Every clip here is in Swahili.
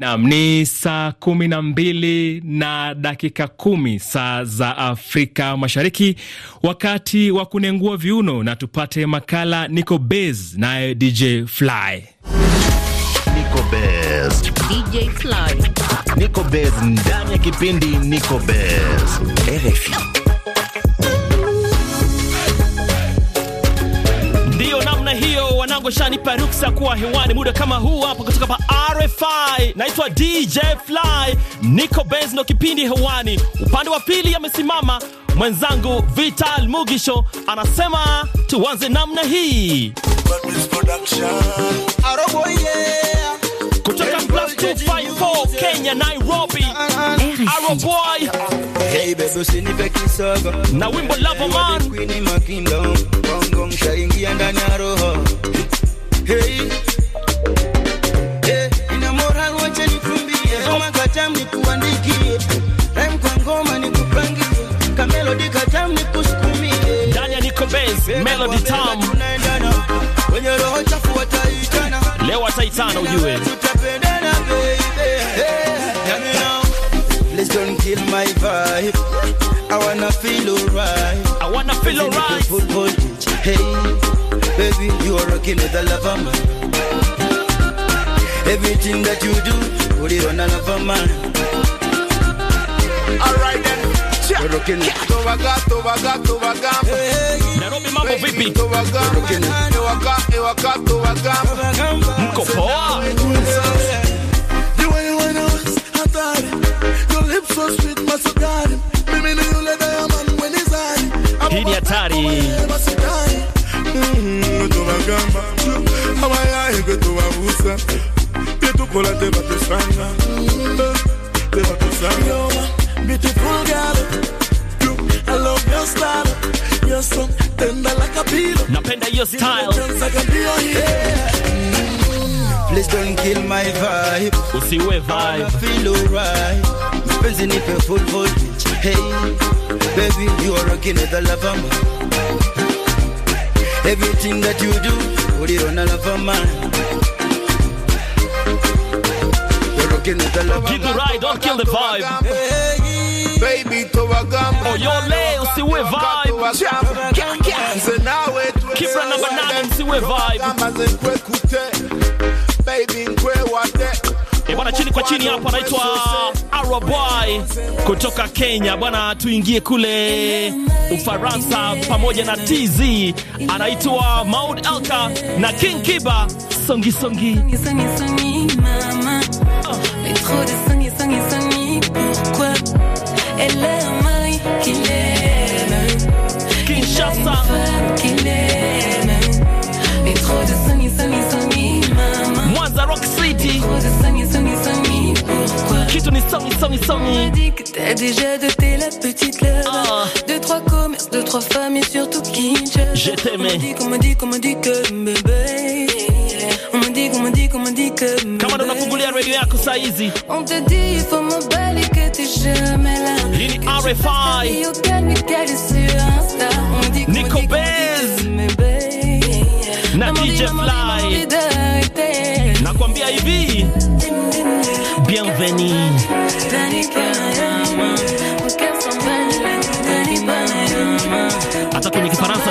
Nam ni saa kumi na mbili na dakika kumi saa za Afrika Mashariki, wakati wa kunengua viuno na tupate makala niko Bez naye DJ Fly. Bez, DJ Fly, Bez ndani ya kipindi Bez RFI. hiyo namna hiyo, wanango shanipa ruksa kuwa hewani muda kama huu hapa kutoka pa RFI. Naitwa DJ Fly, niko Benz, no kipindi hewani. Upande wa pili amesimama mwenzangu Vital Mugisho, anasema tuanze namna hii kutoka 254 Kenya, Nairobi. Arrow Hey baby, usinipe kisogo. Na wimbo Love Man. Queen ma kingdom. Gongong shaingia ndani ya roho. Hey. Hey, ina moral wacha nikumbie. Kama katam nikuandikie. Rhyme kwa ngoma nikupangie. Kamelody katam nikusukumie. Dania Nico Benz, Melody Tam. Wenye roho chafu wataitana. Leo wataitana ujue. Hey, baby, you are rocking with the love of mine. Everything that you do, put it on the love of mine. All right then. Rockin' Towaga, Towaga, Towaga Nairobi mambo vipi? Towaga, Ewaka, Ewaka, Towaga Mko poa? You ain't when I was, I thought Your lips so sweet, must have got him Mimi ni yule diamond when he's high Hii ni hatari Mm-hmm. style, Please don't kill my vibe. Usiwe vibe. I feel alright. Mpenzi nipe full voltage. Hey, baby, you are rocking the love of my. Everything that you do, uliona lava man. Jibu Rai, don't kill the vibe. Baby, to a gum. Oh, yo, you see we vibe. running number nine, see we vibe. Baby, bwana, chini kwa chini hapa anaitwa Arrow Boy kutoka Kenya bwana. Tuingie kule Ufaransa pamoja na TZ anaitwa Maud Alka na King Kiba songi songi uh. On me dit que t'as déjà doté la petite love. Ah. trois commerces, trois femmes et surtout Je On me dit qu'on me dit qu'on me dit que On me dit dit me dit que On te dit il faut m'emballer que t'es jamais là. dit Fly. Nakwambia hivi. Bienvenue.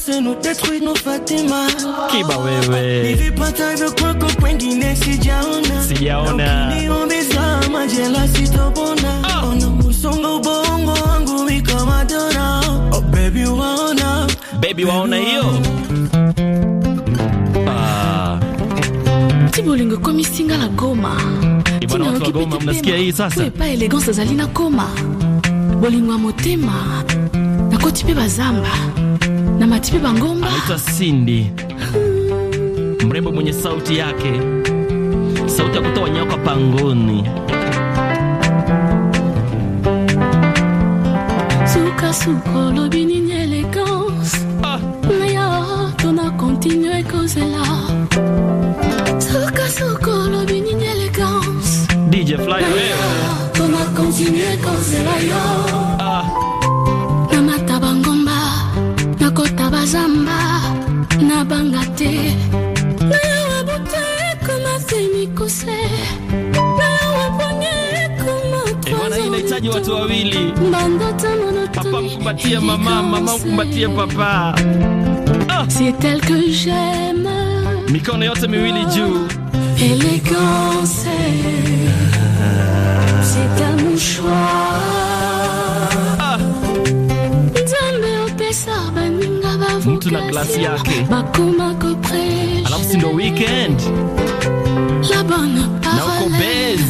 se nous détruit, nous Fatima. Kiba wewe. Hivi patavyo kwako kwengine sijaona. Sijaona. Niomezama jela sitopona. Oh. Ona musongo ubongo wangu wiko Madonna. Oh baby waona. Baby waona hiyo. Ah. Tibolingo komi singala Goma. Ibana watu wa Goma mnasikia hii sasa. Kwepa elegance zali na koma. Bolingo ya motema. Nakoti mpe bazamba. na Matipe Bangomba anaitwa Cindy, mrembo mwenye sauti yake, sauti ya kutoa nyoka pangoni. suka suko sukasukolobi nini elegance ah. na yo tona continue kozela sukasukolobi nini elegance DJ Fly away Papa wawili, papa mkumbatie mama, mama papa. c'est ah. elle que j'aime, mikono c'est un mouchoir ah. mtu na glasi yake alafu le weekend na uko bez.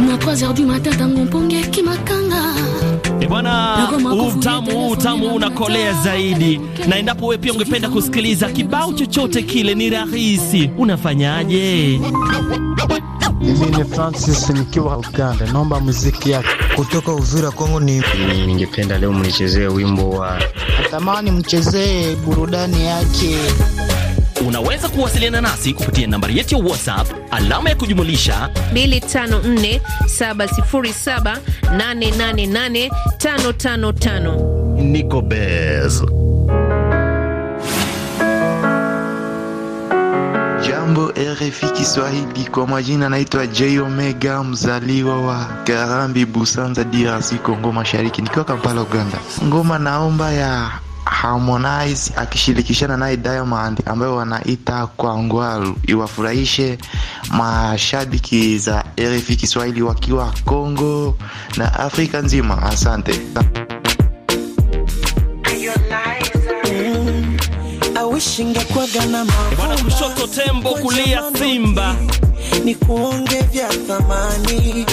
na 3h du matin tango mponge kimakanga eh Bwana, utamu utamu unakolea zaidi, na endapo wewe pia ungependa kusikiliza kibao chochote kile, ni rahisi. Unafanyaje? Mimi ni Francis nikiwa Uganda, naomba muziki yake kutoka Uvira Kongo. Ni ningependa leo mnichezee wimbo wa natamani, mchezee burudani yake Unaweza kuwasiliana nasi kupitia nambari yetu ya WhatsApp alama ya kujumulisha 254707888555. Nico Bez. Jambo RFI Kiswahili, kwa majina naitwa J Omega, mzaliwa wa Karambi Busanza, DRC Kongo Mashariki, nikiwa Kampala, Uganda. Ngoma naomba ya Harmonize akishirikishana naye Diamond ambayo wanaita kwa ngwaru iwafurahishe mashabiki za RFI Kiswahili wakiwa Kongo na Afrika nzima. Asante. Mm. Bwana kushoto tembo, kulia simba, ni kuonge vya thamani,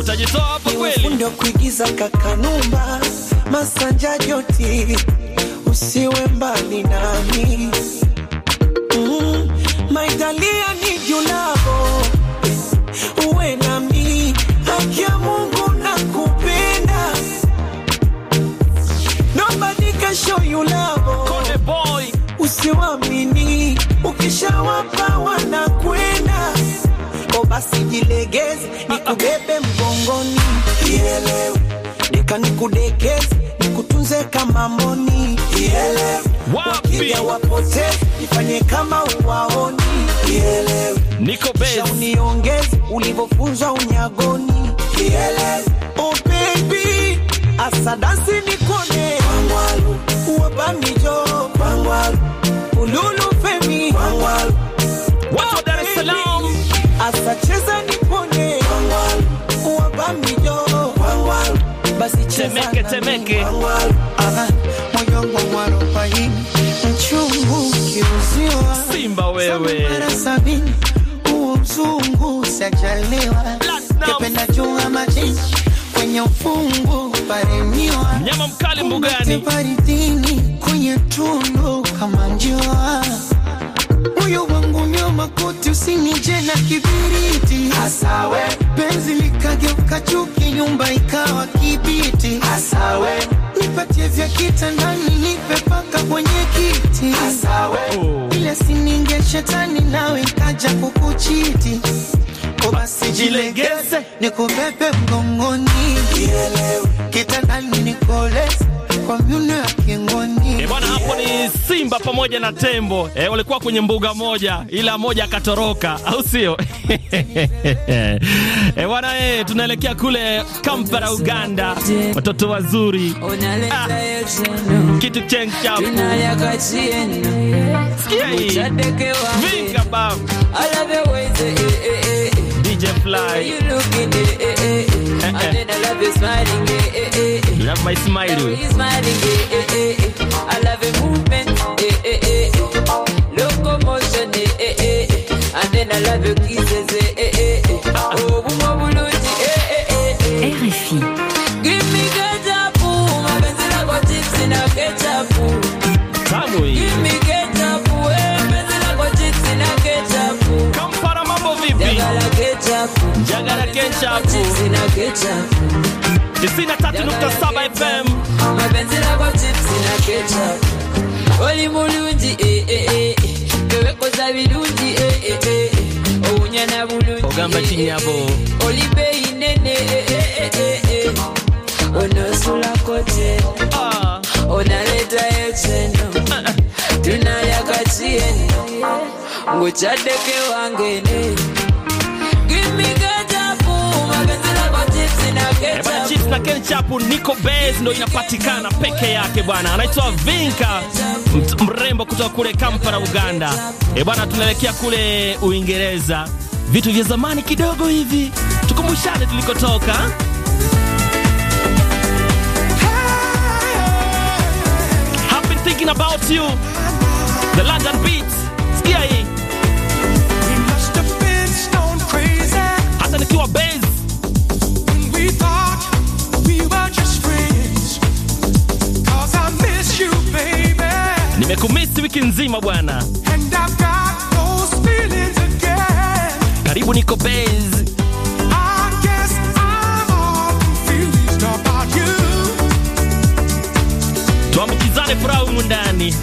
utajitoa hapo kweli, ndio kuigiza kaka numba Masanja Joti, usiwe mbali nami mm, my darling, I need you uwe nami, haki Mungu nakupenda, nobody can show you love, boy, usiwamini, ukishawapa wanakwenda o, oh, basi jilegeze, nikubebe mgongoni, ielewe, deka nikudekeze kama moni ielewe, wapi? wapote ifanye kama uwaoni ielewe, niko bez base uniongeze ulivyofunzwa unyagoni ielewe, oh baby asadasi nikone wabamijo temeke temeke Simba wewe mzungu sajaliwa kependa chunga maji kwenye ufungu paremiwa mnyama mkali mbugani paridini kwenye tundu kama njua moyo wangu nyoma koti usinije na kibiriti asawe penzi likageuka chuki nyumba ikawa kibiti, asawe nipatie vya kitandani, nipe paka kwenye kiti, asawe ile sininge shetani nawe ikaja kukuchiti, basi jilegeze nikubebe mgongoni, kitandani nikoleze kwa myuno ya kingo simba pamoja na tembo e, walikuwa kwenye mbuga moja, ila moja akatoroka, au sio? E, eh, wana e, eh, tunaelekea kule Kampala, Uganda. Watoto wazuri ah, kitu DJ Fly I I love you smiling, eh, eh, eh. Love my smile. Love you smiling, eh, eh, eh. I love your movement, eh, eh, eh. Locomotion, eh, eh, eh. And then I love your kisses, eh, eh. tisini na tatu nukta saba FM. Mapenzi lako eh, eh, eh. oh, chips bwana Chips na Kenchap, Niko Base ndo inapatikana peke yake bwana, anaitwa Vinka mrembo kutoka kule Kampala, Uganda. E bwana, tunaelekea kule Uingereza, vitu vya zamani kidogo hivi, tukumbushane tulikotoka. I've thinking about you, the London beat. Sikia hii hata nikiwa base Nimekumisi wiki nzima bwana, karibu niko base tuambukizane furaha humu ndani.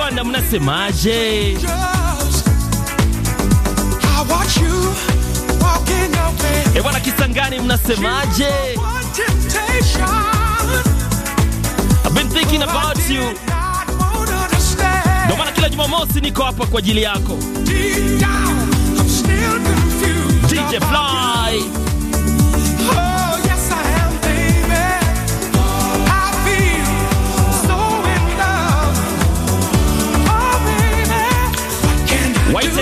Rwanda mnasemaje? E eh, Ebwana Kisangani mnasemaje? I've been thinking about you. Ndio maana kila Jumamosi niko hapa kwa ajili yako Deep down, I'm still confused. DJ Fly.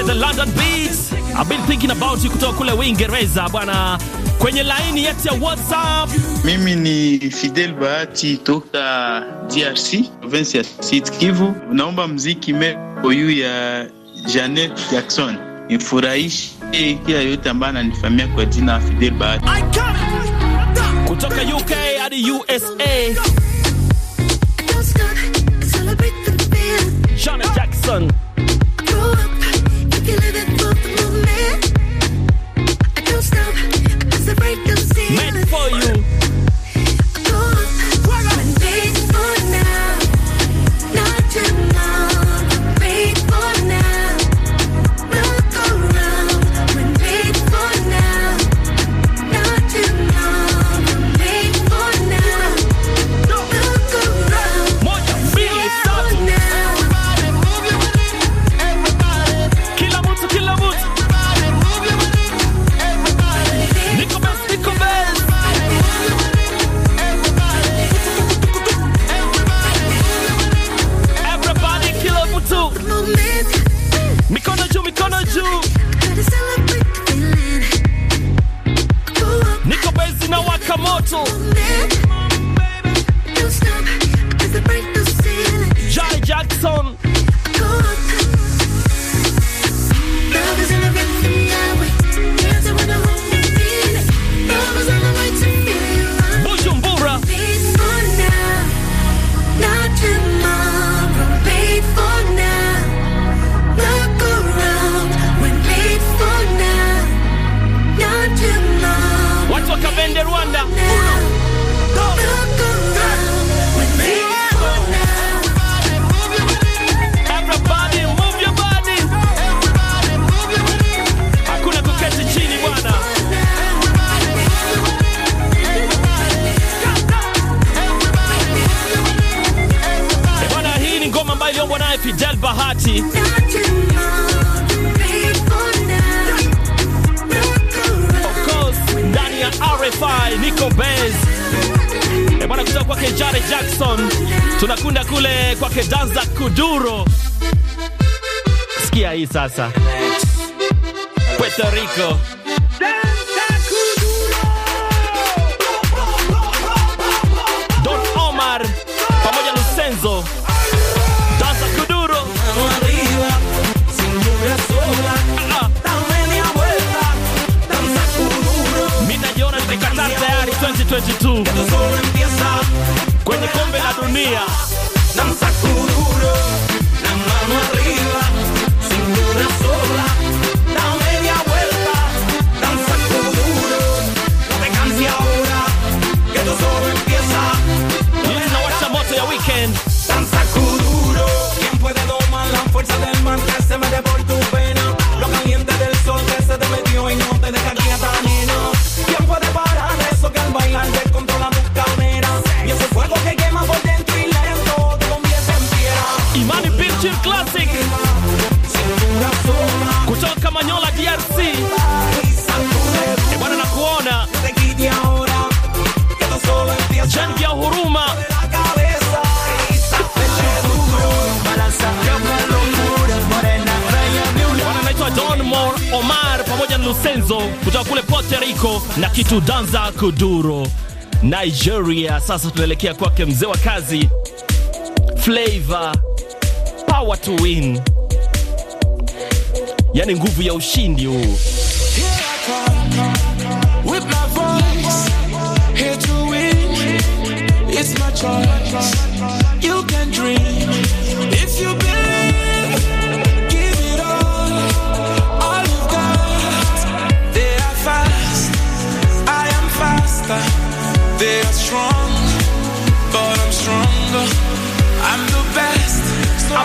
the London Beats. I've been thinking about you kutoka kule Uingereza bwana, kwenye laini yetu ya WhatsApp. Mimi ni Fidel Bahati toka DRC, province ya Sud Kivu. Naomba mziki meoyu ya Janet Jackson nifurahishe kila yote ambaye ananifamia kwa jina Fidel Bahati kutoka UK hadi USA. Janet Jackson 做。yake danza kuduro. Sikia hii sasa, Puerto Rico Don Omar pamoja Lusenzo danza kuduro Qatar tayari 2022 kwenye kombe la dunia. Senzo kutoka kule Puerto Rico na kitu danza kuduro Nigeria. Sasa tunaelekea kwake mzee wa kazi Flavor, power to win, yani nguvu ya ushindi huu You can dream if you.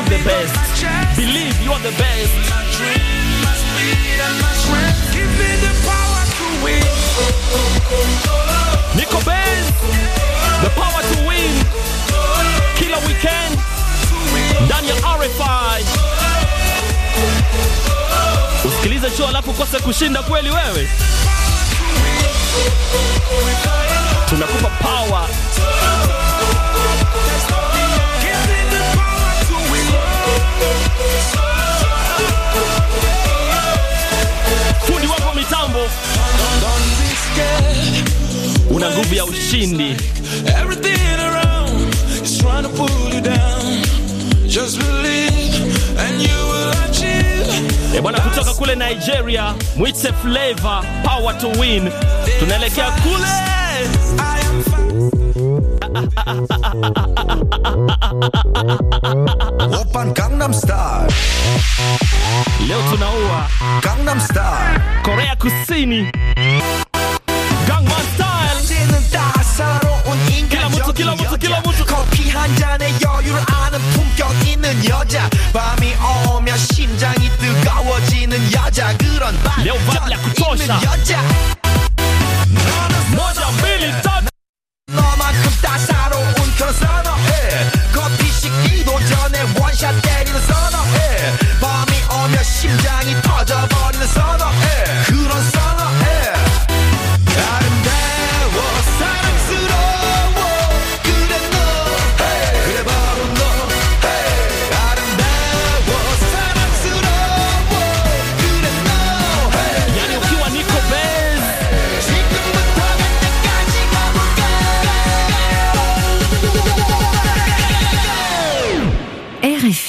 I'm the best. Believe you are the best. Nico Benz, the power to win. Killer Weekend, Daniel RFI. Usikilize show alafu ukose kushinda kweli wewe. Tunakupa power. fundi wapo mitambo una nguvu ya ushindi eh, bwana kutoka kule Nigeria mwite Flavor Power to Win tunaelekea kule I 오빤 강남스타일 Leo tunaua Gangnam Style Korea Kusini Gangnam Style 이제는 따사로운 인간적인 길라 무트 길라 무트 커피 한 잔에 여유를 아는 품격 있는 여자 밤이 오면 심장이 뜨거워지는 여자 그런 반전 있는 여자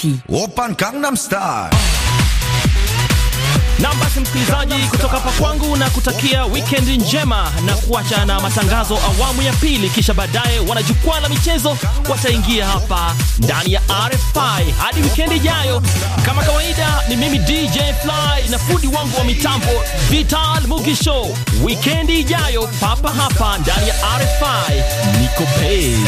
safi. Open Gangnam Style. Na basi msikilizaji, kutoka hapa kwangu na kutakia weekend njema na kuacha na matangazo awamu ya pili, kisha baadaye wanajukwaa la michezo wataingia hapa ndani ya RFI. Hadi weekend ijayo, kama kawaida, ni mimi DJ Fly na fundi wangu wa mitambo Vital Mugisho. Weekend ijayo papa hapa ndani ya RFI, niko pace.